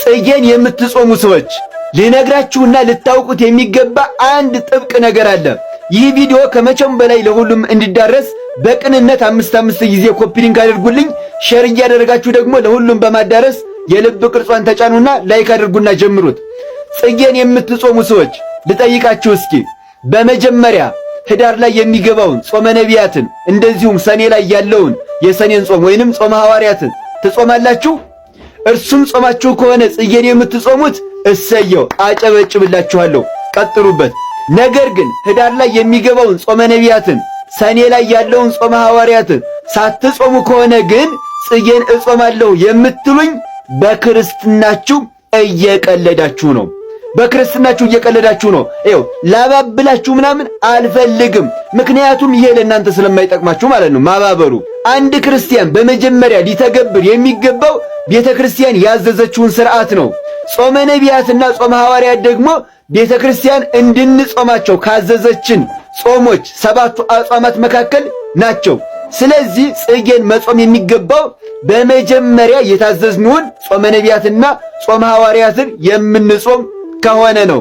ጽጌን የምትጾሙ ሰዎች ልነግራችሁና ልታውቁት የሚገባ አንድ ጥብቅ ነገር አለ። ይህ ቪዲዮ ከመቼም በላይ ለሁሉም እንዲዳረስ በቅንነት አምስት አምስት ጊዜ ሊንክ አድርጉልኝ። ሼር እያደረጋችሁ ደግሞ ለሁሉም በማዳረስ የልብ ቅርጿን ተጫኑና ላይክ አድርጉና ጀምሩት። ጽጌን የምትጾሙ ሰዎች ልጠይቃችሁ እስኪ በመጀመሪያ ህዳር ላይ የሚገባውን ጾመ ነቢያትን እንደዚሁም ሰኔ ላይ ያለውን የሰኔን ጾም ወይንም ጾመ ሐዋርያትን ትጾማላችሁ? እርሱም ጾማችሁ ከሆነ ጽጌን የምትጾሙት እሰየው፣ አጨበጭብላችኋለሁ፣ ቀጥሉበት። ነገር ግን ኅዳር ላይ የሚገባውን ጾመ ነቢያትን፣ ሰኔ ላይ ያለውን ጾመ ሐዋርያትን ሳትጾሙ ከሆነ ግን ጽጌን እጾማለሁ የምትሉኝ በክርስትናችሁ እየቀለዳችሁ ነው። በክርስትናችሁ እየቀለዳችሁ ነው። ይኸው ላባብላችሁ ምናምን አልፈልግም። ምክንያቱም ይሄ ለእናንተ ስለማይጠቅማችሁ ማለት ነው ማባበሩ አንድ ክርስቲያን በመጀመሪያ ሊተገብር የሚገባው ቤተ ክርስቲያን ያዘዘችውን ሥርዓት ነው። ጾመ ነቢያትና ጾመ ሐዋርያት ደግሞ ቤተ ክርስቲያን እንድንጾማቸው ካዘዘችን ጾሞች ሰባቱ አጽዋማት መካከል ናቸው። ስለዚህ ጽጌን መጾም የሚገባው በመጀመሪያ የታዘዝንውን ጾመ ነቢያትና ጾመ ሐዋርያትን የምንጾም ከሆነ ነው።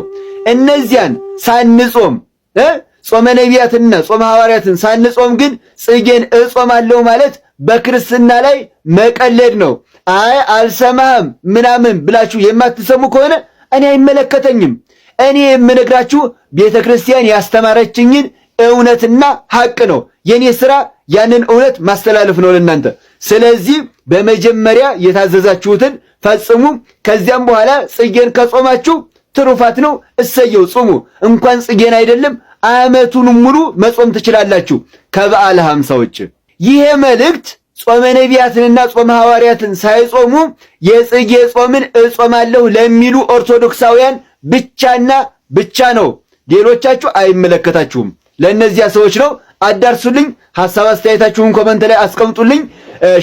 እነዚያን ሳንጾም ጾመ ነቢያትና ጾመ ሐዋርያትን ሳንጾም ግን ጽጌን እጾማለሁ ማለት በክርስትና ላይ መቀለድ ነው። አይ አልሰማህም ምናምን ብላችሁ የማትሰሙ ከሆነ እኔ አይመለከተኝም። እኔ የምነግራችሁ ቤተ ክርስቲያን ያስተማረችኝን እውነትና ሐቅ ነው። የኔ ስራ ያንን እውነት ማስተላለፍ ነው ለእናንተ። ስለዚህ በመጀመሪያ የታዘዛችሁትን ፈጽሙ። ከዚያም በኋላ ጽጌን ከጾማችሁ ትሩፋት ነው፣ እሰየው፣ ጽሙ። እንኳን ጽጌን አይደለም ዓመቱን ሙሉ መጾም ትችላላችሁ ከበዓል ሐምሳ ውጭ። ይሄ መልእክት ጾመ ነቢያትንና ጾመ ሐዋርያትን ሳይጾሙ የጽጌ ጾምን እጾማለሁ ለሚሉ ኦርቶዶክሳውያን ብቻና ብቻ ነው። ሌሎቻችሁ አይመለከታችሁም። ለእነዚያ ሰዎች ነው አዳርሱልኝ። ሀሳብ አስተያየታችሁን ኮመንት ላይ አስቀምጡልኝ።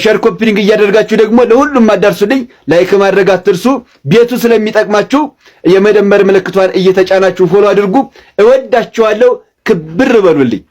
ሼር ኮፒ እያደርጋችሁ እያደረጋችሁ ደግሞ ለሁሉም አዳርሱልኝ። ላይክ ማድረግ አትርሱ። ቤቱ ስለሚጠቅማችሁ የመደመር ምልክቷን እየተጫናችሁ ፎሎ አድርጉ። እወዳችኋለሁ። ክብር በሉልኝ።